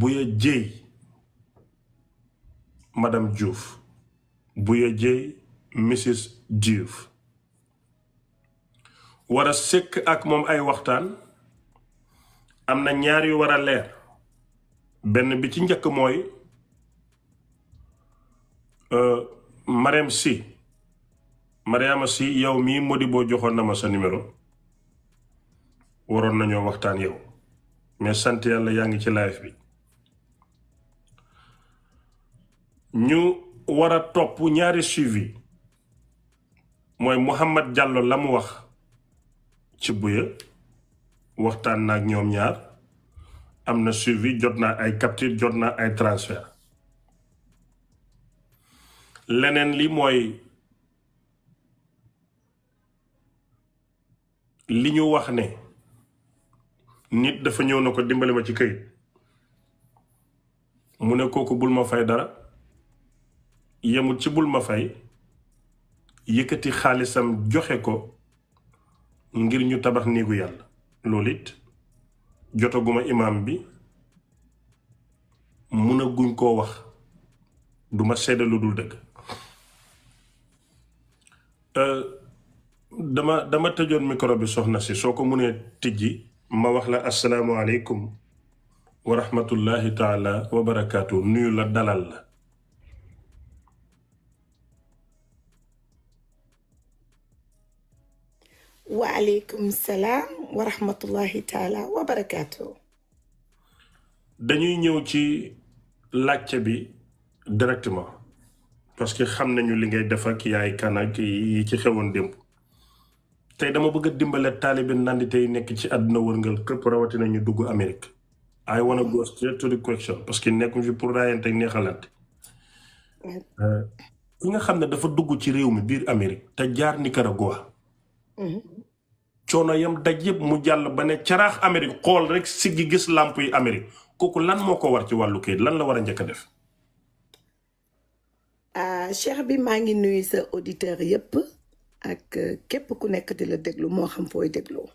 Bouya Dièye madam Diouf Bouya Dièye Mrs Diouf wara a sëkk ak moom ay waxtaan am na ñaar yu war a leer benn bi ci njëkk mooy euh, si Sy Mariama Sy yow mii Modibo joxoon na ma sa numéro waroon nañoo waxtaan yow mais sant yàlla yaa ngi ci live bi ñu war a topp ñaari suivi mooy Mouhamed jàllo la mu wax ci buya waxtaan naag ñoom ñaar am na suivi jot naa ay capture jot naa ay transfert leneen li mooy li ñu wax ne nit dafa ñëw na ko dimbali ma ci këyit mu ne kooku bul ma fay dara yamul ci bul ma fay yëkkati xaalisam joxe ko ngir ñu tabax néegu yàlla loolu it jotaguma imam bi guñ koo wax duma ma lu dul dëgg dama dama tëjoon micro bi soxna si soo ko mënee tijji ma wax la asalaamualeykum wa rahmatullahi taala wa barakaatu nuyu la dalal la waaleykum salaam wa rahmatullahi taala dañuy ñëw ci laajte bi directement parce que xam nañu li ngay def ak yaay kan ak yi ci xewoon démb tey dama bëgg a dimbale taalibe nandite yi nekk ci àdduna wërngal këpp rawatina ñu dugg Amérique. ay wanna go straight to que nekkuñ fi pour raayante ak neexalante. Euh, nga xam ne dafa dugg ci réew mi biir Amérique te jaar Nicaragua. Mm-hmm. coono yam daj yeb mu jall ba ne caraax amerique xol rek siggi gis lampe yi amerique koku lan moko war ci walu keet lan la wara a def ah cheikh bi ma ngi nuyu sa auditeur yëpp ak euh, kep ku nekk di la deglu mo xam deglu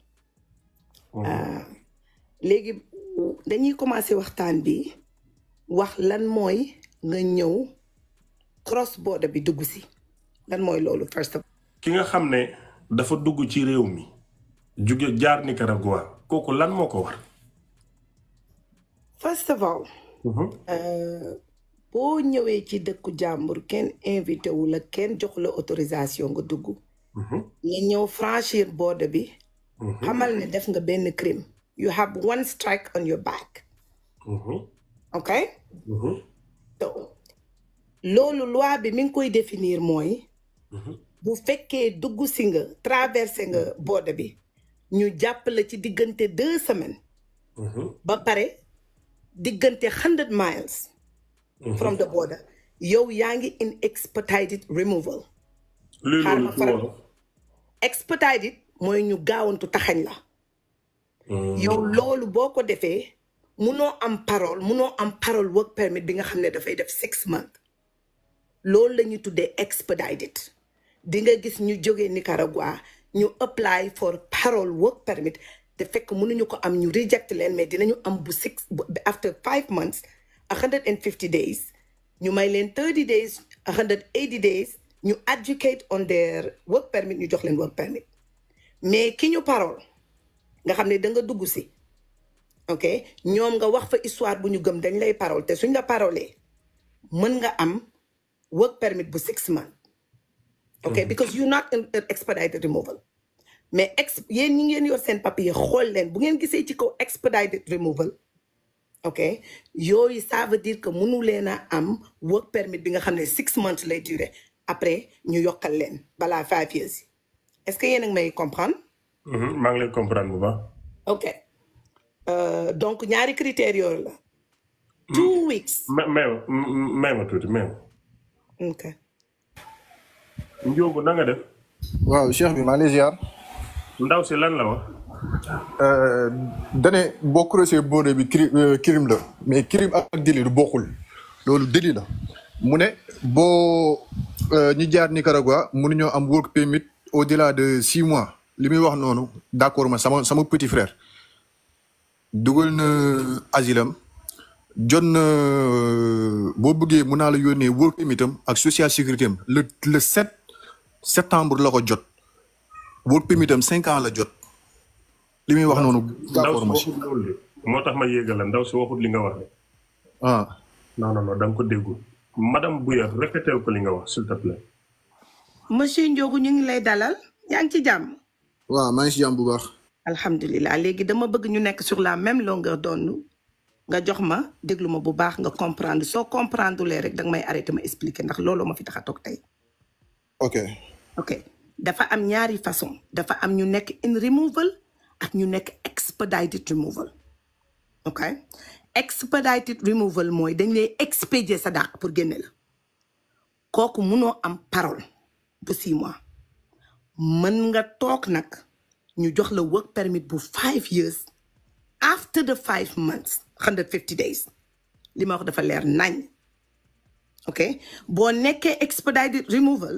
mhm. ah legi dañuy commencé waxtaan bi wax lan moy nga ñëw cross border bi dugg si lan moy lolu first of ki nga xamne dafa dugg ci rew mi. jóge jaar Nicaragua kooku lan moo ko war. first of mhm. euh, boo ñëwee ci dëkku jàmbur kenn invité wu la kenn jox la autorisation nga dugg. Mhm. nga ñëw franchir border bi. Mhm. xamal ne def nga benn crime. you have one strike on your back. ok. loolu loi bi mi ngi koy définir mooy. bu fekkee dugg si nga traversé nga border bi. ñu jàppale ci diggante deux semaine mm-hmm. ba pare diggante hundred miles. Mm-hmm. from the border. yow yaa ngi in expedited removal. xaaral ma expedited mooy ñu gaawantu taxañ la. Mm-hmm. yow loolu boo ko defee munoo am parole munoo am parole work permit bi nga xam ne dafay def six months. loolu la tuddee expedited. di nga gis ñu jógee Nicaragua. ñu apply for parole work permit te fekk mënuñu ko am ñu reject leen mais dinañu am bu six after five months a hundred and fifty days ñu may leen thirty days a hundred eighty days ñu educate on their work permit ñu jox leen work permit mais ki ñu parole nga xam ne da nga dugg si ok ñoom nga wax fa histoire bu ñu gëm dañ lay parole te suñ la parolee mën nga am work permit bu six months ok mhm. because you not an expedited removal mais ex yéen ñi ngeen yor seen papier xool leen bu ngeen gisee ci kaw expedited removal ok yooyu ça veut dire que mënu leen a am work permit bi nga xam ne six months lay durer après ñu yokkal leen balaa five years yi est-ce que yéen may comprendre. Mhm, maa ngi lay comprendre bu baax. ok euh, donc ñaari critères yooyu la. two mm. weeks. ma ma ma ma ma. Ndiogo na nga def. waaw cheikh bi ziar. ndaw ci lan la wax. Euh, dane bi euh, crime la mais crime ak délit du le lolou délit la bo euh, ñu jaar Nicaragua ñu am work permit au delà de six mois limi wax d'accord petit frère dugal na asilam asile. work permit sécurité le le septembre la ko jot wol permit 5 ans la jot limi wax nonu d'accord ma ci motax ma yegal ndaw si waxut li nga wax ah non non non dang ko déggul madame Bouya répétez ko li nga wax s'il te plaît monsieur Ndiogu ñu lay dalal yang ci jam wa ma ngi ci jam bu baax alhamdullilah legui dama bëgg ñu nekk sur la même longueur d'onde nga jox ma déglu bu baax nga comprendre so comprendre rek dang may arrêter ma expliquer ndax lolo ma fi ok dafa am ñaari façon dafa am ñu nekk in removal ak ñu nekk expedited removal ok expedited removal mooy dañ lay expédier sa dàq pour génne la kooku munoo am parole ba six mois mën nga toog nag ñu jox la work permit bu five years after the five months hundred fifty days li ma wax dafa leer nañ ok boo nekkee expedited removal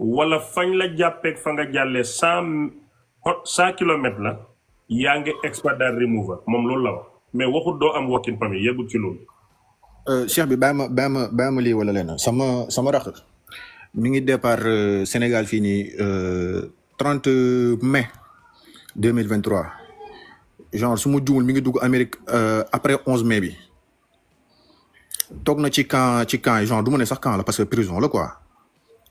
wala fañ la jàppeeg fa nga jàllee 100 100 kilomètres la yaa ngi expedal remover mom loolu la wax mais waxut do am working permit yegul ci euh cheikh bi bàyyi ma bàyyi li wala len sama sama rax mi ngi départ euh, Sénégal fini euh 30 mai 2023 genre su ma mi ngi dug Amérique euh, après 11 mai bi tok na ci camp ci camp genre du ma ne sax camp la parce que prison la quoi.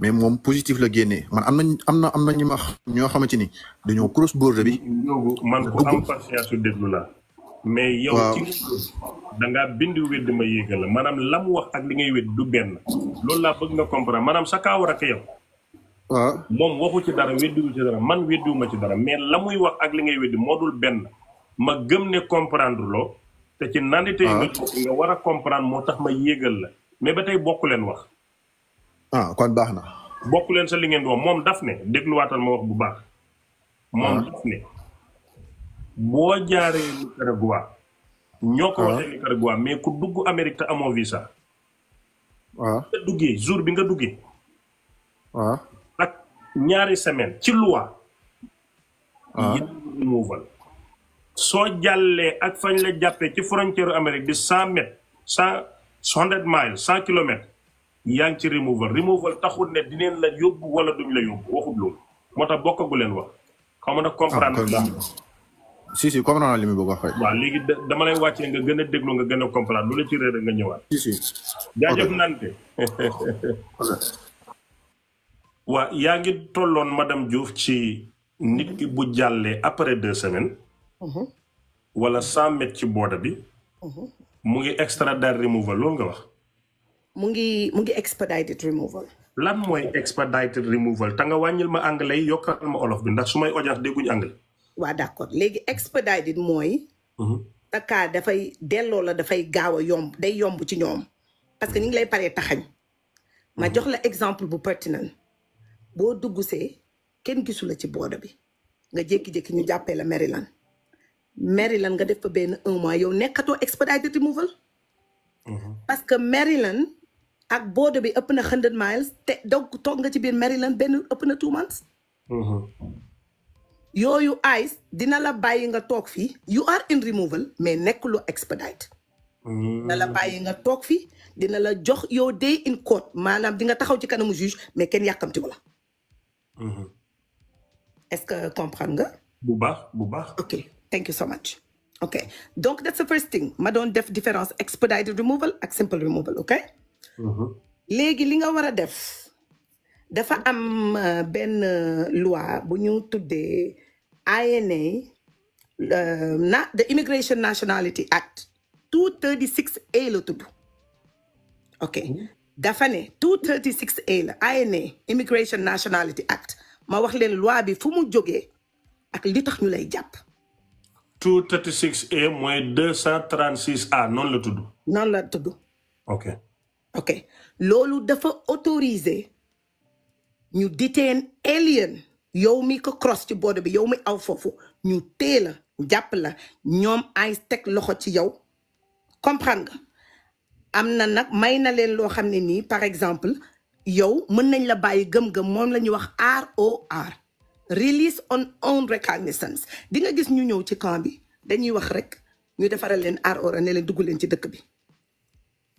mais mom positif la guéné man am amna amna na am na ñu ma ñoo xamante ni dañu cross border bi. man ko am patience déglu la. mais yow ci da nga bindu wedd ma yéggal manam lam wax ak li ngay wedd du ben lool la bëgg nga comprendre manam sa kaa war yow. wa mom waxu ci dara weddu ci dara man ma ci dara mais lamuy wax ak li ngay wedd modul ben ma gëm ne comprendre lo te ci nandite nga wara comprendre motax ma yéggal la mais batay wax. ah kon baax na. bokk leen sa li ngeen wax moom daf ne dégluwaatal ma wax bu baax. moom ah. daf ne. boo jaaree Nicaragua. ñoo ko ah. waxee Nicaragua mais ku dugg Amérique te amoo visa. waaw ah. jour bi nga duggee. waaw ak ci loi. soo jàllee ak fañ la jàppee ci frontière Amérique di cent mètres cent cent miles cent kilomètres. yaa ngi ci removal removal taxul ne dineen la yóbbu wala duñ la yóbbu waxul loolu moo tax bokkagu leen wax xaw ma nag ah, si si li mu bëgg waaw léegi dama lay wàccee nga gën a déglu nga gën a comprendre lu la ci réer nga ñëwaat si si jaajëf nante waa yaa ngi tolloon madame Diouf ci nit ki bu jàllee après deux semaines mhm. wala cent ci booda bi mhm. mu ngi extradar removal loolu nga wax mu ngi mu ngi expedited removal. lan mooy expedited removal te nga wàññil ma anglais yi yokkal ma olof bi ndax su may audience dégguñu anglais. waa d' accord léegi expedited mooy. Mhm. takkaa dafay delloo la dafay gaaw a yomb day yomb ci ñoom parce que ñu ngi lay paree taxañ. ma mhm. jox la exemple bu pertinent boo dugg see kenn gisula ci booda bi nga jékki-jékki ñu jàppee la Maryland Maryland nga def fa benn un mois yow nekkatoo expedited removal. Mhm. parce que Maryland ak boode bi ëpp na hundred miles te dog toog nga ci biir Maryland benn ëpp na two months mm-hmm. yooyu ICE dina la bàyyi nga toog fii you are in removal mais nekk lu expedite mm-hmm. dina la bàyyi nga toog fii dina la jox yow day in court maanaam di nga taxaw ci kanamu juge mais kenn yàkkamtiku la mm-hmm. est-ce que comprendre nga bu baax bu baax ok thank you so much ok donc that's the first thing ma doon def différence expedited removal ak simple removal ok Mhm. légui li nga wara def dafa am euh, ben euh, loi bu ñu tuddé INA euh, na the Immigration Nationality Act 236 A le tuddu ok mhm. dafa ne 236 A la INA Immigration Nationality Act ma wax len loi bi fu mu joggé ak li tax ñu lay japp 236A moy 236A non la tuddu Non la tuddu ok ok loolu dafa autorisé ñu detain alien yow mi ko cross ci border bi yow mi aw foofu ñu téye la jàpp la ñoom ay teg loxo ci yow comprendre nga am na nag may na leen loo xam ne nii par exemple yow mën nañ la bàyyi gëm-gëm moom la ñuy wax ROR release on own recognizance di nga gis ñu ñëw ci camp bi dañuy wax rek ñu defaral leen ROR ne leen dugg leen ci dëkk bi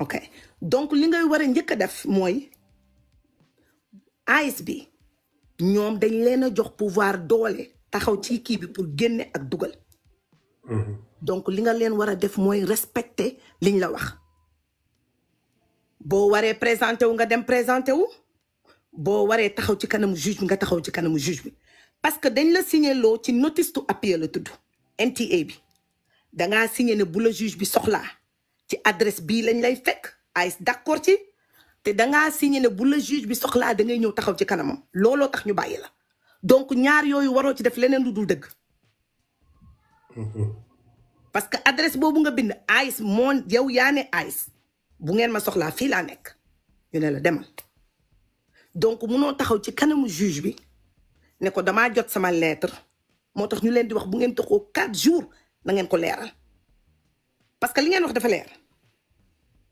ok donc li ngay wara ñëk def moy dañ jox pouvoir doole taxaw ci bi pour génné ak mhm. donc li nga leen wara def moy respecter liñ la wax. vous waree présenter, wu nga dem présenter. wu vous taxaw ci kanam juge bi nga taxaw ci juge parce que dañ la ci notice to la NTA bi da ne bu juge bi ci adresse bii lañ lay fekk ay d'accord ci te dangaa signé ne bu la juge bi soxlaa da ngay ñëw taxaw ci kanamam looloo tax ñu bàyyi la donc ñaar yooyu waroo ci def leneen lu dul dëgg mm-hmm. parce que adresse boobu nga bind AIS moon yow yaa ne AIS bu ngeen ma soxlaa fii laa nekk ñu ne la demal donc noo taxaw ci kanamu juge bi ne ko damaa jot sama lettre moo tax ñu leen di wax bu ngeen taxoo quatre jours na ngeen ko leeral Parce que li ngeen wax dafa leer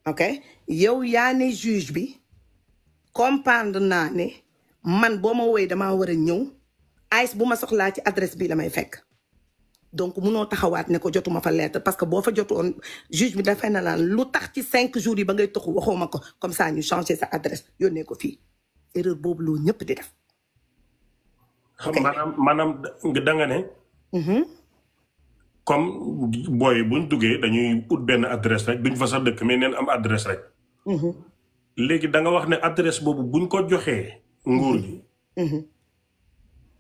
ok yow yaa ne juge bi comprendre naa ne man boo ma woowee damaa war a ñëw Aïs bu ma soxlaa ci adresse bi la may fekk donc munoo taxawaat ne ko jotuma fa lettre parce que boo fa jotoon juge bi dafay na laan lu tax ci cinq jours yi ba ngay toxu waxoo ko comme ça ñu changer sa adresse yónnee ko fii erreur boobu loolu ñëpp di def. xam maanaam maanaam da nga ne. Mm-hmm. comme booy buñ duggee dañuy ut benn adresse rek duñ fa sa dëkk mais neen am adresse rek. Mhm. léegi da nga wax ne adresse boobu buñ ko joxee nguur gi. Mhm. Mhm.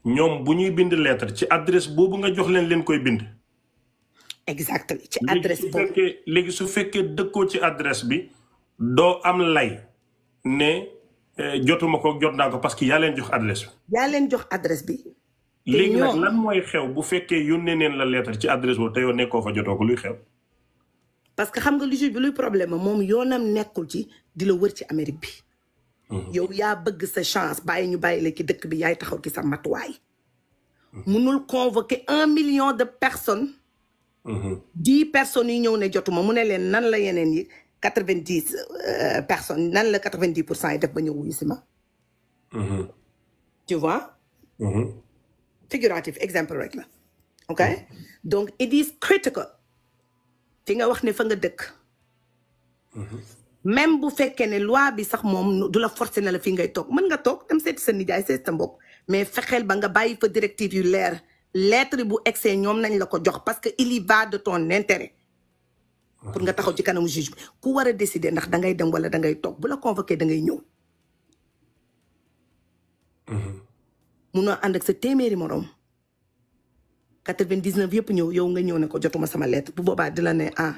ñoom bu ñuy bind lettre ci adresse boobu nga jox leen leen koy bind. exactement ci adresse boobu léegi su fekkee dëkkoo ci adresse bi doo am lay ne eh, jotuma ko jot naa ko parce que yaa leen jox adresse bi. yaa leen jox adresse bi. léegi nag lan moy xew bu fekke yonne nen la lettre ci adresse bo te yow fa joto ko luy xew. parce que xam nga lu bi luy problème mom yonam nekkul ci dila wër ci amerique bi. Mhm. yow ya bëgg sa chance bàyyi ñu bàyyi la dëkk bi yaay taxaw ki sa matuwaay. Mhm. munul convoquer 1 million de personnes. Mhm. dix personnes yi ñew ne jotuma mu ne leen nan la yenen yi 90 euh, personnes nan la 90% def ba ñëw wuyu si ma. tu vois. péjoratif exemple rek la ok hmm. donc it is critical fi nga wax ne fa nga dëkk hmm. même bu fekkee ne loi bi sax moom du la force na la fi ngay toog mën nga toog dem seeti sa nijaay seeti sa mais fexeel ba nga bàyyi fa directive yu leer lettre bu excès ñoom nañ la ko jox parce que il y va de ton intérêt pour nga hmm. taxaw ci kanamu juge bi ku war a décider ndax da ngay dem wala da ngay toog bu la convoqué da ngay ñëw Muna ànd ak sa téméré morom 99 yépp ñew yow nga ñew ne ko jotuma sama lettre bu boba dila né ah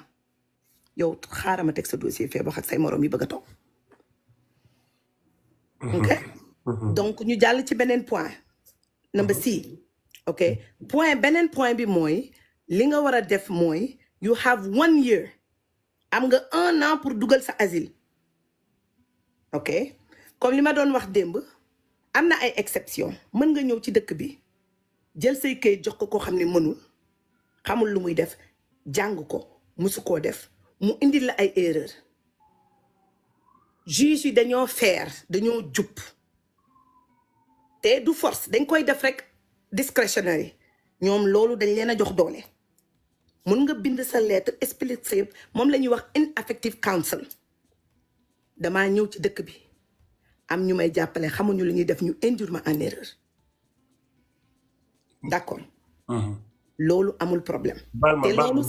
yow xaarama tek sa dossier fé bax ak say morom yi bëgg tok ok mm-hmm. donc ñu jall ci benen point. number C ok mm-hmm. point benen point bi moy, li nga wara def moy. you have one year am nga 1 an pour dugal sa asile ok comme li ma doon wax demb am na ay exception mën nga ñëw ci dëkk bi jël say kayit jox ko koo xam ne mënul xamul lu muy def jàng ko musu koo def mu indi la ay erreur juge yi dañoo faire dañoo jub te du force dañ koy def rek discrétionnaire ñoom loolu dañ leen a jox doole mën nga bind sa lettre explique sa moom la ñuy wax ineffective counsel damaa ñëw ci dëkk bi am ñu may jàppale xamuñu li ñuy def ñu induire ma en erreur d'accord. Mm-hmm. lolu amul problème. balma balma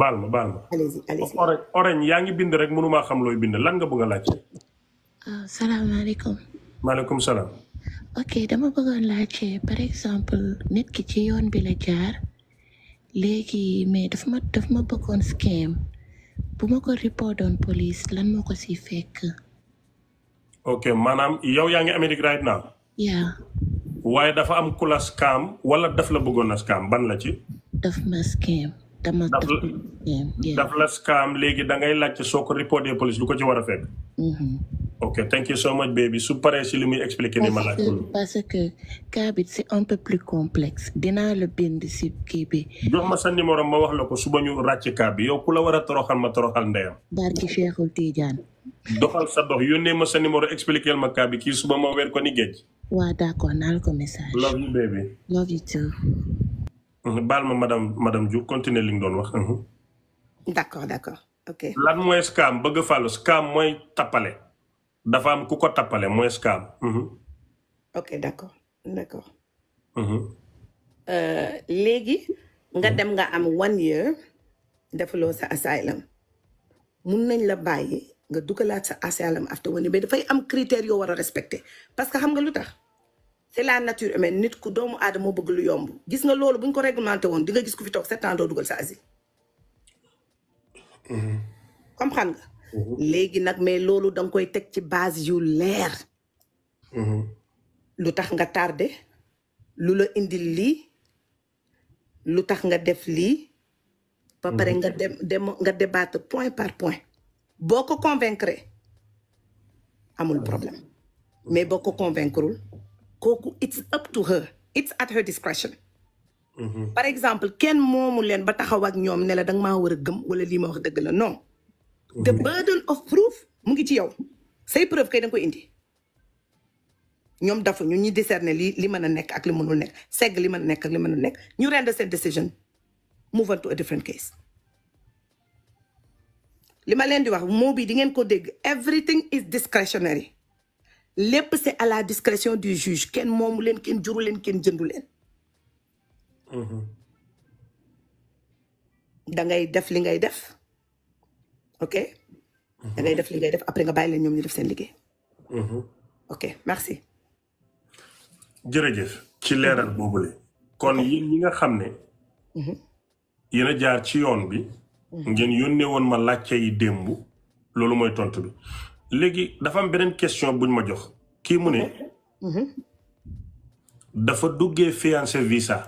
balma baal ma allez-y allez-y orange yaa ngi bind rek mënumaa xam loy bind lan nga bëgg laacc laaj. waaw salam ok dama laacc par exemple nit ki ci yoon bi la jaar légui mais daf ma daf ma bëggoon scam buma ko report police lan moko ci fekk. ok maanaam yow yaa ngi Amérique right now. yeah. waaye dafa am ku la scam wala daf la bëggoon a scam ban la ci. daf ma scam. daf la daf léegi da ngay laajte soo ko reporté police lu ko ci war a fekk. Mm-hmm. ok thank you so much baby Super, paree si li muy expliquer ni ma laaj ko parce que cas bi c'est un peu plus complexe dinaa la bind si kii bi jox ma sa numéro ma wax la ko suba ñu ràcc cas bi yow ku la war a toroxal ma toroxal ndeyam barki Cheikhul Tidiane doxal sa dox ma sa numéro expliquer ma cas bi suba ma weer ko ni géej waa d'accord ko message love you baby love you too mhm, Bal ma madame madame Diouf continuer li nga wax mhm. d'accord d'accord ok lan mooy scam bëgg fàllu scam mooy tappale dafa am ku ko tappale mooy scam. Mhm. ok d' accord d' accord. Mhm. Euh, léegi nga mhm. dem nga am one year defaloo sa asylum mun nañ la bàyyi nga dugalaat sa asylum after one year mais dafay am critères yoo war a respecté parce que xam nga lu tax c' est la nature humaine nit ku doomu aadama bëgg lu yomb gis nga loolu bu ñu ko réglementé woon di nga gis ku fi toog sept ans doo dugal sa asile. comprendre nga. Mm-hmm. léegi nag mais loolu danga koy teg ci base yu leer mm-hmm. lu tax nga tardé lu la indil lii lu tax nga def lii ba pare nga dem dem nga débattre point par point boo ko convaincre amul problème mais boo ko convaincrewul kooku it's up to her it's at her discretion mm-hmm. par exemple kenn moomu leen ba taxaw ak ñoom ne la danga maa war a gëm wala lii ma wax dëgg la non the burden of proof mu ngi ci yow say preuve kay da koy indi ñoom dafa ñu ñi discerner li mën a nekk ak li mënul nekk segg li mën a nekk ak li mënul nekk ñu rendre seen decision move on to a different case li ma leen di wax moo bii di ngeen ko dégg everything is discretionary lépp c'est à la discrétion du juge kenn moomu leen kenn juru leen kenn jëndu leen da ngay def li ngay def ok. Mhm. da ngay def li def après nga bàyyi leen ñu def seen mhm. ok merci. jërëjëf ci leeral boobule. kon yéen ñi nga xam ne. Mhm. yéen a jaar ci yoon bi. ngeen vous woon ma laajte yi démb. loolu tontu bi léegi dafa am beneen question buñ jox kii mu ne. dafa duggee fiancé visa.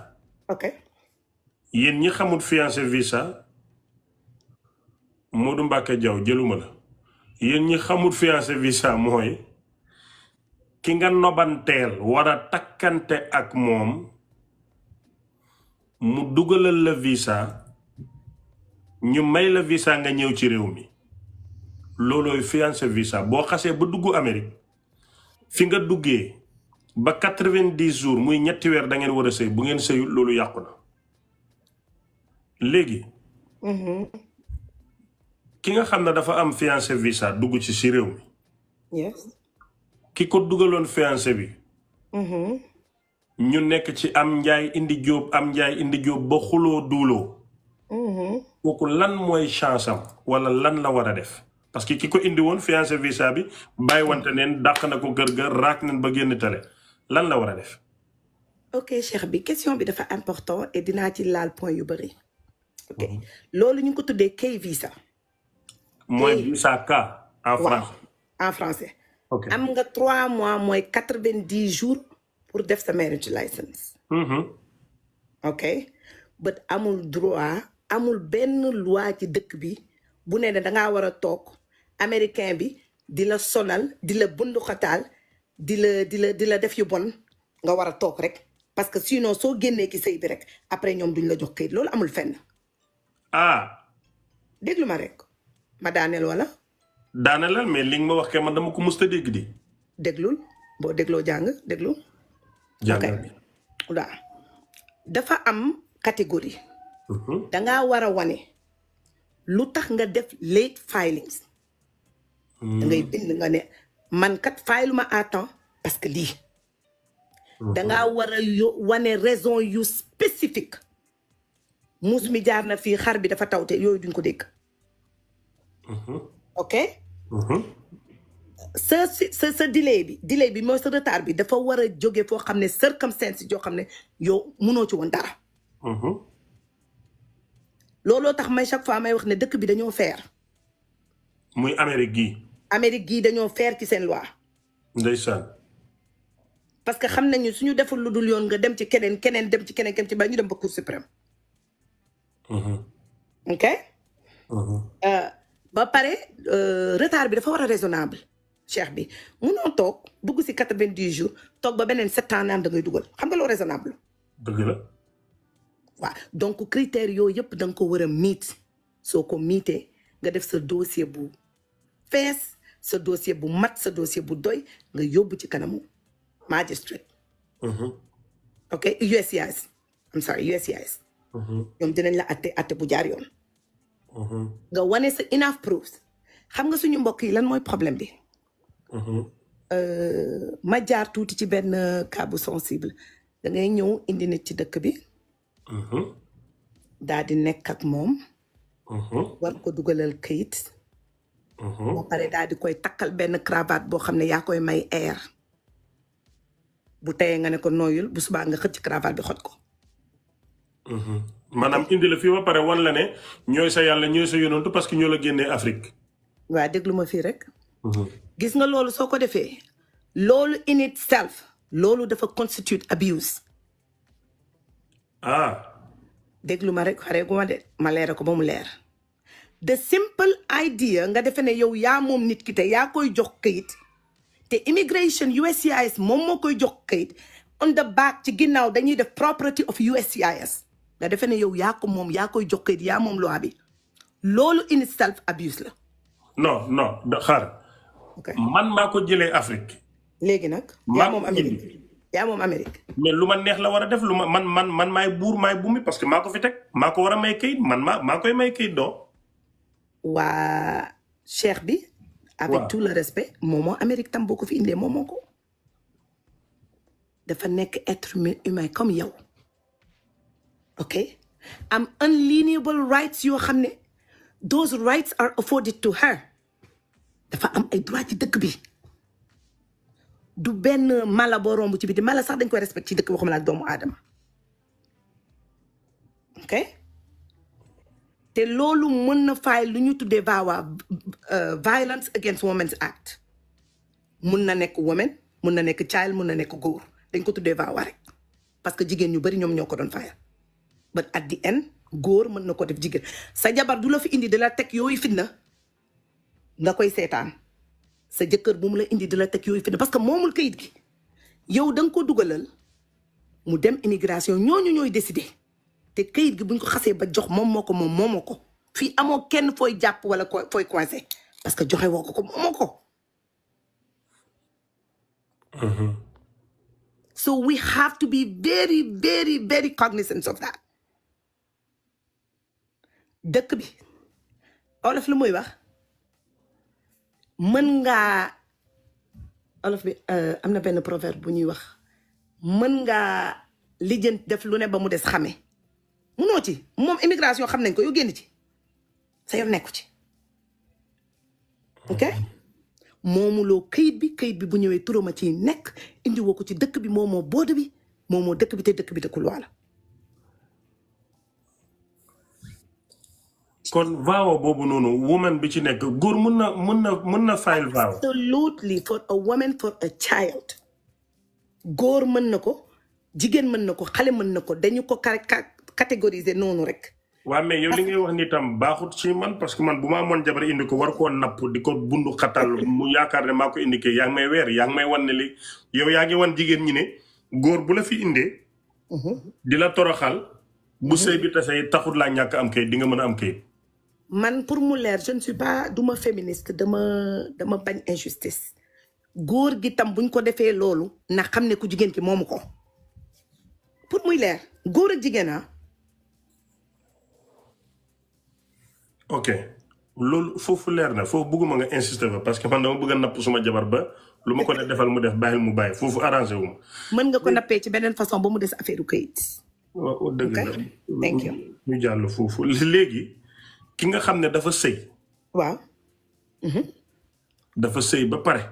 ok yéen ñi xamul fiancé visa. Modou Mbacke Diaw jëluma la yéen ñi xamul fiancé visa mooy ki nga nobanteel war a takkante ak moom mu dugalal la visa ñu may la visa nga ñëw ci réew mi loolooy fiancé visa boo xasee ba dugg Amérique fi nga duggee ba quatre-vingt-dix jours muy ñetti weer da ngeen war a sëy bu ngeen sëyul loolu yàqu na léegi. Mhm. ki nga xam ne dafa am fiancé visa dugg ci si réew mi. ki ko dugaloon fiancé bi. Mm-hmm. ñu nekk ci am njaay indi jóob am njaay indi jóob ba xuloo duuloo. Mm-hmm. kooku lan mooy chance am wala lan la war a def. parce que ki ko indi woon fiancé visa bi bàyyi wante neen dàq na ko gër gër raak nañ ba génn tale lan la war a def. ok cheikh bi question bi dafa important et dinaa ci laal point yu bëri. ok mhm. loolu ñu ngi ko tuddee kay visa. moins 200 en français en français. am nga trois mois mooy quatre vingt dix jours pour def sa marriage license. Mm-hmm. ok but amul droit amul benn loi ci dëkk bi bu ne ne da ngaa war a toog américain bi di la sonal di la bunduxataal di la di la di la def yu bon nga war a toog rek parce que sinon soo génnee ki sëy bi rek après ñoom duñ la jox kayit loolu amul fenn. ah. déglu ma rek. ma wala. daanelal mais li nga ma man dama ko mës a dégg di. boo dégloo jàng déglu. jàngal dafa am catégorie. Mhm. da war a wane lu tax nga def late mm. nga ne man kat faylu ma à temps parce que lii. Mhm. da ngaa war a wane raison yu spécifique. muus mi jaar na fii xar bi dafa taw te yooyu duñ ko dégg. ok sa sa sa delay bi delay bi mooy sa retard bi dafa war a jóge foo xam ne circonstance joo xam ne yow munoo ci woon dara looloo tax may chaque fois may wax ne dëkk bi dañoo feer muy Amérique gii Amérique gii dañoo feer ci seen loi ndeysaan parce que xam nañu suñu deful lu dul yoon nga dem ci keneen keneen dem ci keneen keneen ci ba ñu dem ba cour suprême ok euh, ba pare euh, retard bi dafa war a raisonnable cheikh bi munoo toog dugg si quatre vingt dix jours toog ba beneen sept naan da ngay dugal xam nga loo raisonnable. waaw donc critères yooyu yëpp da nga ko war a miit soo ko miitee nga def sa dossier bu fees sa dossier bu mat sa dossier bu doy nga yóbbu ci kanamu magistrate. Mhm. ok USCIS I'm sorry USCIS. Mhm. ñoom dinañ la atte atte bu jaar yoon. nga wane sa enough proofs xam nga suñu mbokk yi lan mooy problème bi. Euh, ma jaar tuuti ci benn cas bu sensible da ñëw indi nit ci dëkk bi. daal di nekk ak moom. war ko dugalal kayit. boo pare daal di koy takkal benn cravate boo xam ne yaa koy may air. bu teyee nga ne ko nooyul bu subaa nga xëcc cravate bi xot ko. maanaam indi la fii ba pare wan la ne ñooy sa yàlla ñooy sa yonantu parce que ñoo la génnee Afrique. waaw déglu ma fii rek. Mhm. gis nga loolu soo ko defee. loolu in itself. loolu dafa constitute abuse. ah. déglu ma rek xareegu ma de ma leera ko ba mu leer. the simple idea nga defe ne yow yaa moom nit ki te yaa koy jox kayit te immigration USCIS moom moo koy jox kayit on the back ci ginnaaw dañuy def property of USCIS. da yow ko ont koy self abuse la. non non d'accord man mako ko Afrique. nak mais luma neex la wara def luma man man man parce que mako fi tek ko may kayit man may avec tout le respect momo Amérique tam beaucoup fi être humain comme yow. ok am unalienable rights yoo xam ne those rights are afforded to her dafa am ay droit ci dëkk bi du benn mala boo romb ci biti mala sax dañ koy respect ci dëkk waxuma la ak doomu aadama ok te loolu mën na faay lu ñu tuddee VAWA euh, violence against women's act mun na nekk women mun na nekk child mun na nekk góor dañ ko tuddee VAWA rek parce que jigéen ñu bari ñoom ñoo ko doon faayal but at the end góor mën na ko def jigéen sa jabar du la fi indi di la teg yooyu fitna nga koy seetaan sa jëkkër bu mu la indi di la teg yooyu fitna parce que moomul kayit gi yow da nga ko dugalal mu dem immigration ñooñu ñooy décider te kayit gi buñ ko xasee ba jox moom moo ko moom moomoo ko fii amoo kenn fooy jàpp wala fooy coincé parce que joxe woo ko ko moomoo ko. Mm-hmm. so we have to be very very very cognizant of that. dëkk bi olof lu muy wax mën ngaa olof bi euh, am na benn proverbe bu ñuy wax mën ngaa lijjant def lu ne ba mu des xamee munoo ci moom immigration xam nañ ko yow génn ci sa yoon nekku ci ok moomuloo kayit bi kayit bi bu ñëwee turama ci nekk indiwoo ko ci dëkk bi moomoo boode bi moomoo dëkk bi te dëkk bi dëkkul waala kon vow bobu nonu woman bi ci nek gor mun na mun na na file vow absolutely for a woman for a child gor mën nako jigen jigéen mën na ko xale mën nako dañu ko categoriser nonu rek wa mais yow li ngay wax ni tam baxut ci man parce que man buma mon jabar indi ko war ko nap diko bundu khatal mu yakar ne mako indi ke yang may wer yang may wan ne li yow yaangi wan jigen ñi ne bu la fi indi mhm. di la toroxal bu sey bi tassay taxut la ñak am kay di nga mëna am kay man pour mu leer je ne suis pas duma féministe dama dama bañ injustice góor gi tam buñ ko defee loolu na xam ne ku jigéen ki moomu ko pour muy leer góor ak jigéen ah. ok loolu foofu leer na foofu bëgguma nga insister fa parce que man dama bëgg a napp suma jabar ba lu ma ko def defal mu def bàyyil mu bàyyi foofu arrangé wu ma. mën nga ko nappee ci beneen façon ba mu des affaire u kayit. waaw dëgg la. thank ñu jàll foofu léegi. ki nga xamne ne dafa sëy waaw mhm. dafa sey ba paré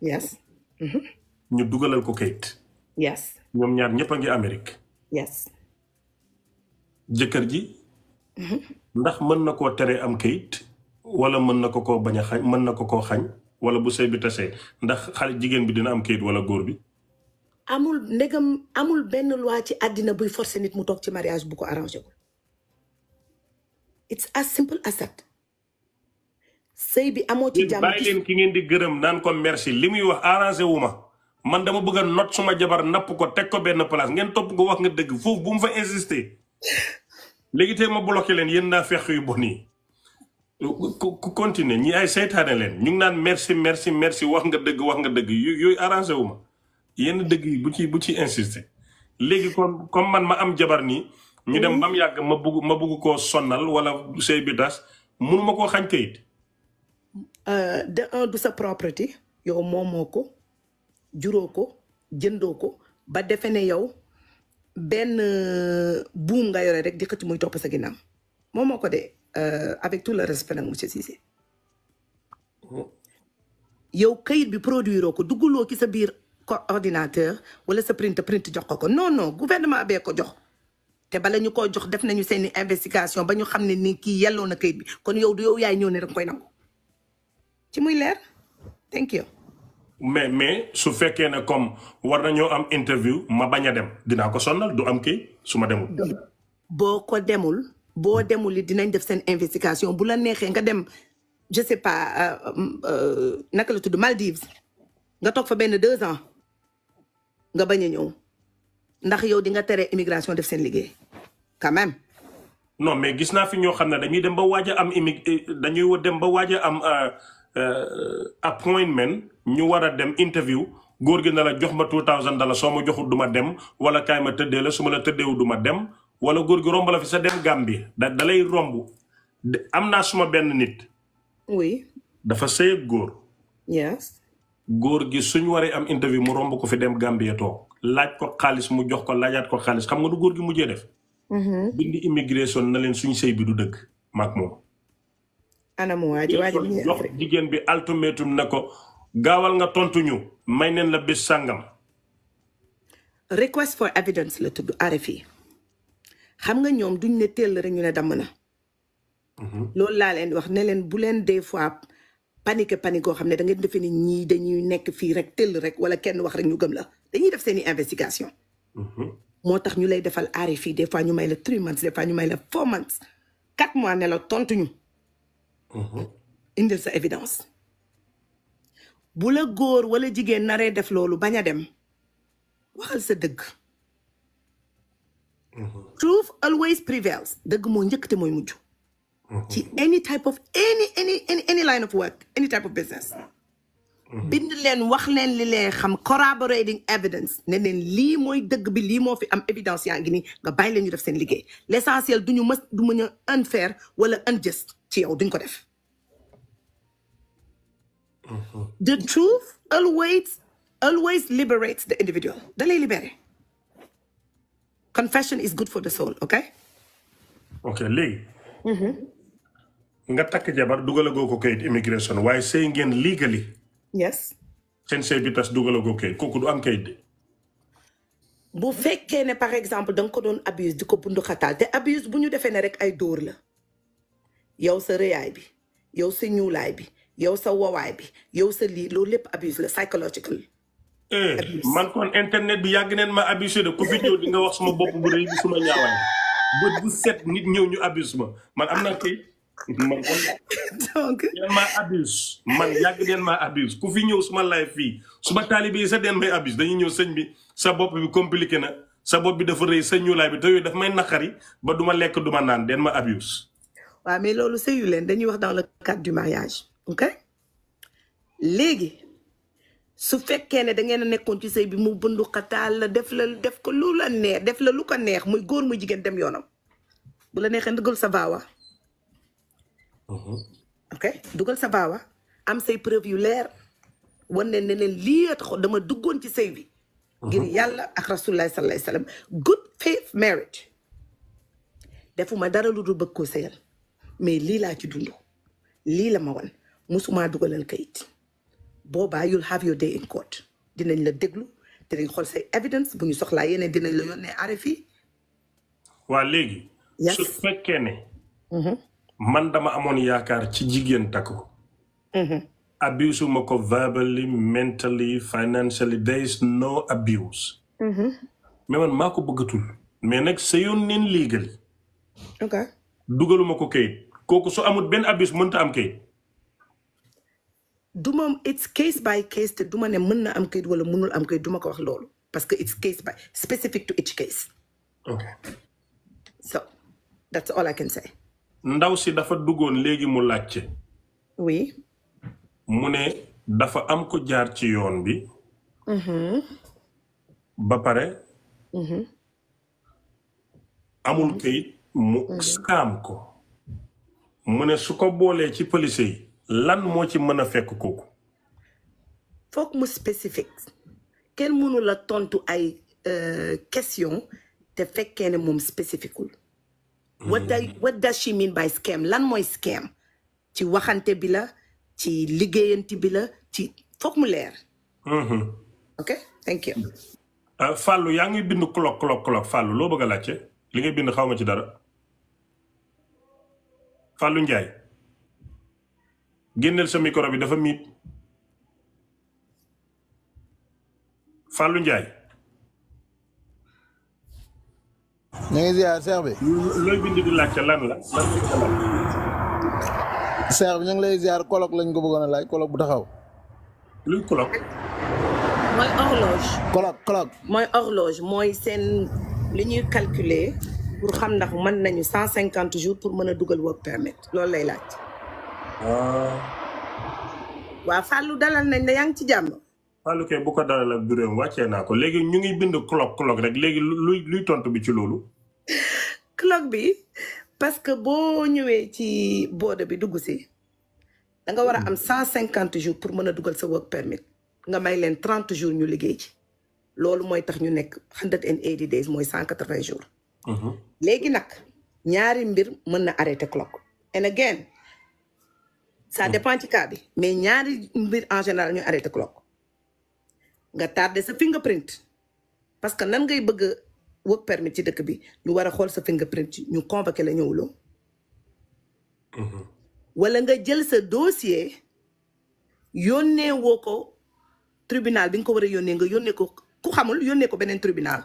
yes mhm. ñu duggalal ko kayit yes ñom ñaar ñepp nga yes jëkër ji mhm. ndax mën nako téré am kayit wala mën nako ko baña xañ mën nako ko xañ wala bu sey bi tassé ndax jigen bi dina am kayit wala góor bi amul ndegam amul benn loi ci adina buy forcer nit mu tok ci mariage bu ko arrangé it's as simple as that. sëy bàyyi leen ki ngeen di gërëm naan ko merci li muy wax arrangé wu ma man dama bëgg a not suma jabar napp ko teg ko benn place ngeen topp ko wax nga dëgg foofu bu mu fa insister léegi tey ma bloqué leen yéen naa fex yu bon nii ku ku continuer ñi ay seytaane leen ñu ngi naan merci merci merci wax nga dëgg wax nga dëgg yooyu arrangé wu ma yenn dëgg yi bu ci bu ci insister léegi kon comme man ma am jabar nii ñu dem hmm? ba mu yàgg ma bugg ma bugg koo sonnal wala sëy bi tas ma koo xañ kayit. Euh, de un sa propriété yow moomoo ko juróo ko jëndoo ko ba defe ne yow benn euh, buum nga yore rek di xëcc muy topp sa ginnaaw moomoo ko de euh, avec tout le respect nag yow kayit bi produiroo ko dugguloo ci sa biir ordinateur wala sa print print jox ko ko non non gouvernement bee ko jox. te bala ñu ko jox def nañu seen investigation ba ñu xam ne ni kii yelloo na kayit bi kon yow du yow yaay ñëw ne rek koy nangu ci muy leer thank you mais mais su fekkee ne comme war nañoo am interview ma bañ a dem dina ko sonnal du am kii su ma demul. boo ko demul boo demul li dinañ def seen investigation bu la neexee nga dem je sais pas euh, euh, euh, naka la de Maldives nga toog fa benn deux ans nga bañ a ñëw. ndax yow di nga tere immigration def seen liggéey quand même. mais gis naa fi ñoo xam ne dañuy dem ba waaj a am immi eh, dañuy dem ba waaj a am euh, euh, appointment ñu war a dem interview góor gi na la jox ma two thousand dollars soo ma joxul duma dem wala kaay ma tëddee la su ma la tëddeewu du dem wala góor gi romb la fi sa dem Gambie da da lay romb am naa suma benn nit. oui. dafa sëy góor. yes. góor gi suñ waree am interview mu romb ko fi dem Gambie toog. laaj ko xaalis mu jox ko laajaat ko xaalis xam nga du góor gi mujjee def. Mhm. bindi immigration na leen suñ sëy bi du dëkk maak moom. anam waaj waaj jigéen bi altumetum na ko gaawal nga tontuñu may neen la bés sàngam. request for evidence la tudd RFI xam nga ñoom duñ ne teel rek ñu ne damm na. Mhm. loolu laa leen wax ne bu leen des fois panique panique goo xam ne da ngeen defee ni ñii dañuy nekk fii rek tëll rek wala kenn wax rek ñu gëm la dañuy def seeni i investigation mhm. moo tax ñu lay defal aari fii des fois ñu may la three months des fois ñu may la four months quatre mois ne la tontu ñu mhm. indil sa évidence bu la góor wala jigéen naree def loolu bañ a dem waxal sa dëgg mhm. truth always prevails dëgg moo njëkk te mooy mujj ci mm-hmm. any type of any any any any line of work any type of business. Mm-hmm. bind leen wax leen li corroborating evidence Nenen li moi mooy dëgg bi lii moo fi am évidence yaa ngi nii nga bàyyi leen ñu def seen liggéey l' du ñu mës du mën unfair wala unjust ci yow duñ ko def. Mm-hmm. the truth always always liberates the individual da lay libéré. confession is good for the soul ok. ok Mhm. nga takk jabar dugalagoo ko kayit immigration waaye sëy ngeen legally yes seen sëy bi tas dugalagoo kayit kooku du am kayit de bu fekkee ne par exemple da nga ko doon abuse di ko bundu xataal te abuse bu ñu defee ne rek ay dóor la yow sa rëyaay bi yow sa ñuulaay bi yow sa wawaay bi yow sa lii loolu lépp abuse la psychological eh, man kon internet bi yàgg neen ma abusé de ku fi ñëw di nga wax suma bopp bu rëy bi suma ñaawaay bu set ma man am naa kayit man donc den maa abuse man yàgg den maa abuse ku fi ñëw suma live fii suma taalibe yi sax den may abuse dañuy ñëw sëñ bi sa bopp bi compliqué na sa bopp bi dafa rëy sa ñuulaay bi te yooyu daf may naqari ba duma lekk duma naan den ma abuse waa mais loolu sëyu leen dañuy wax dans le cadre du mariage ok léegi su fekkee ne da ngeen a nekkoon ci sëy bi mu bundu taal la def la def ko lu la neex def la lu ko neex muy góor mu jigéen dem yoonam bu la neexee ndëgal sa baawa Mm-hmm. ok dugal sa baawa am say preuve leer wan ne ne leen lii dama duggoon ci sëy bi. Mm-hmm. ngir yàlla ak rasulullah sallallahu alayhi dara lu dul bëgg koo sëyal mais lii laa ci dund la ma wan musuma dugalal kayit boobaa you'll have your dinañ la déglu dinañ xool say evidence bu soxlaa yeneen dinañ la yónnee RFI. waa léegi. su fekkee ne. Mm-hmm. man dama amoon yaakaar ci jigéen takku ko mm-hmm. ma ko verbally mentally financially there is no abuse mm-hmm. mais maa ko bëggatul mais nag sëyoon neen legally dugaluma ko kayit kooku soo amul benn abuse mënta am kayit duma it's case by case te duma ne mën na am kayit wala mënul am kayit duma ko wax loolu parce que it's case by specific to each case that's all I can say ndaw si dafa duggoon léegi mu laajte. oui. mu ne dafa am ko jaar ci yoon bi. Mm-hmm. ba pare. Mm-hmm. amul kayit mu mm-hmm. saam ko. mu ne su ko boolee ci police yi lan moo ci mën a fekk kooku. foog mu spécifique kenn mënula tontu ay euh, question te fekkee ne moom spécifiqueul what does mm. what does she by scam lan mooy scam ci waxante bi la ci liggéeyanti bi la ci foog mu leer. Mm-hmm. ok uh, yaa ngi bind clock clock clock Fallou loo bëgg a laajte li ngay bind xaw ma ci dara Fallou njaay génneel sa micro bi dafa miit Fallou Ndiaye. ñu ngi ziar seex bi. looy bind di laajte lan la lan la. seex bi ñu ngi lay ziar colloque lañ ko bëggoon a laaj colloque bu taxaw. luy colloque. mooy horloge. colloque mooy seen li ñuy calculer pour xam ndax mën nañu cent cinquante jours pour mën a dugal work permit loolu lay laaj. waaw. Ah. waa Fallou dalal nañ la yaa ci jàmm. Fallou Kay bu ko dalal ak bureau wàccee naa ko léegi ñu ngi bind clock clock léegi luy luy tontu bi ci loolu. bi parce que boo ñëwee ci boode bi dugg si da nga war a am mm-hmm. cent cinquante jours pour mën a dugal sa work nga may leen trente jours ñu liggéey ci loolu mooy tax ñu nekk hundred and eighty mooy cent quatre vingt jours. Mm-hmm. léegi nag ñaari mbir mën na arrêté clock and again ça mm-hmm. dépend ci cas bi mais ñaari mbir en général ñu arrêté clock. nga tardé sa fingerprint parce que nan ngay bëgg work permit ci dëkk bi ñu war a xool sa fingerprint ñu convoqué la ñëwuloo mm-hmm. wala nga jël sa dossier yónnee woo ko tribunal bi nga ko war a yónnee nga yónnee ko ku xamul yónnee ko beneen tribunal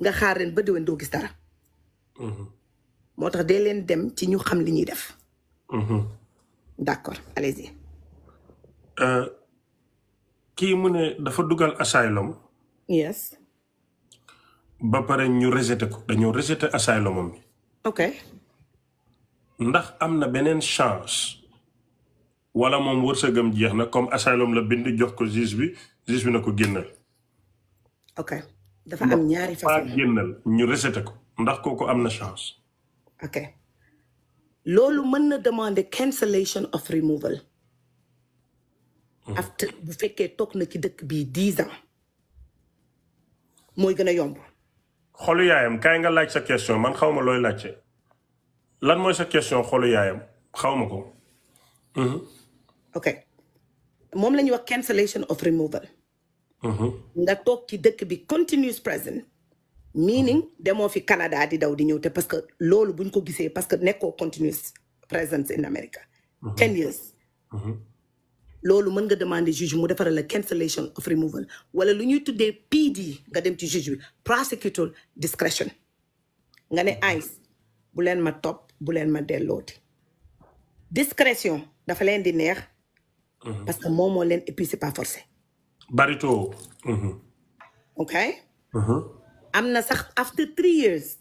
nga xaar leen ba déwén doo gis dara. Mm-hmm. moo tax dee leen dem ci ñu xam li ñuy def. Mm-hmm. d'accord allez-y. Euh, kii mu ne dafa dugal asylum yes. ba pare ñu rejeté ko dañoo rejeté asylum bi. ok. ndax am na beneen chance walla moom wërsëgam jeex na comme asylum la bind jox ko juge bi juge bi na ko génnal. ok dafa am ñaari façon génnal ñu rejeté ko ndax kooku am na chance. ok loolu mën na demander cancellation of removal. Mm. after bu fekkee toog na ci dëkk bi dix ans mooy gën a yomb. xolu yaayam kaay nga laaj sa question man xaw ma looy laajte lan mooy sa question xolu yaayam xaw ma ko. Mm-hmm. ok moom la ñuy wax cancellation of removal. Mm-hmm. nga toog ci dëkk bi continuous present. meaning mm-hmm. demoo fi Canada di daw di ñëw te parce que loolu buñ ko gisee parce que nekkoo continuous presence in America. ten years. loolu mën nga demander juge mu defaral la cancellation of removal wala lu ñuy tuddee PD nga dem ci juge bi prosecutor discretion nga ne ICE bu leen ma topp bu leen ma dellooti discrétion dafa leen di neex. Mhm. parce que moom moo leen et puis c'est pas forcé. barito. Mhm. ok. Mhm. am na sax after three years.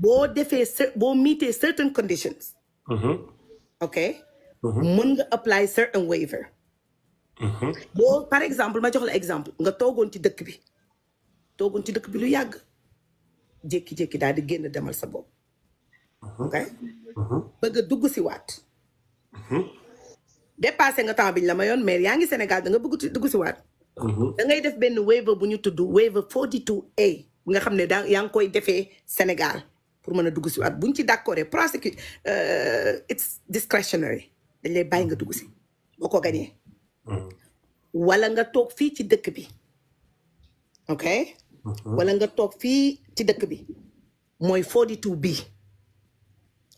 boo defee boo meetee certain conditions. ok. Mm-hmm. mën nga apply certain waiver mm-hmm. boo par exemple ma jox la exemple nga toogoon ci dëkk bi toogoon ci dëkk bi lu yàgg jékki-jékki daal di génn demal sa bopp mm-hmm. ok bëgg a dugg si waat nga temps biñ la mayoon mais yaa ngi Sénégal da nga bëgg dugg si waat da ngay def benn waiver bu ñu tudd waiver 42A bi nga xam ne daa yaa ngi koy defee Sénégal pour mën a dugg si waat buñ ci d'accord procédure euh, it's discretionary dañ lay bàyyi nga dugg si boo ko gañee mm-hmm. wala nga toog fii ci dëkk bi ok mm-hmm. wala nga toog fii ci dëkk bi mooy forty two bii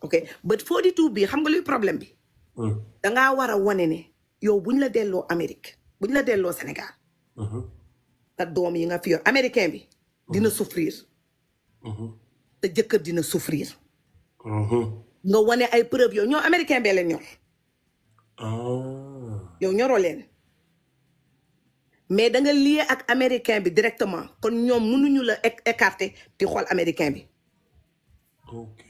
ok but forty two bii xam nga luy problème bi mm. danga war a wane ne yow buñ la delloo Amérique buñ la delloo senegal te mm-hmm. doom yi nga fi yor américain bi dina souffrir te jëkkër dina souffrir nga wane ay preuve yow ñoo américain bee leen ñor Oh. yow ñoroo leen mais danga nga ak américain bi directement kon ñoom mënuñu la écarter di xool américain bi. ok.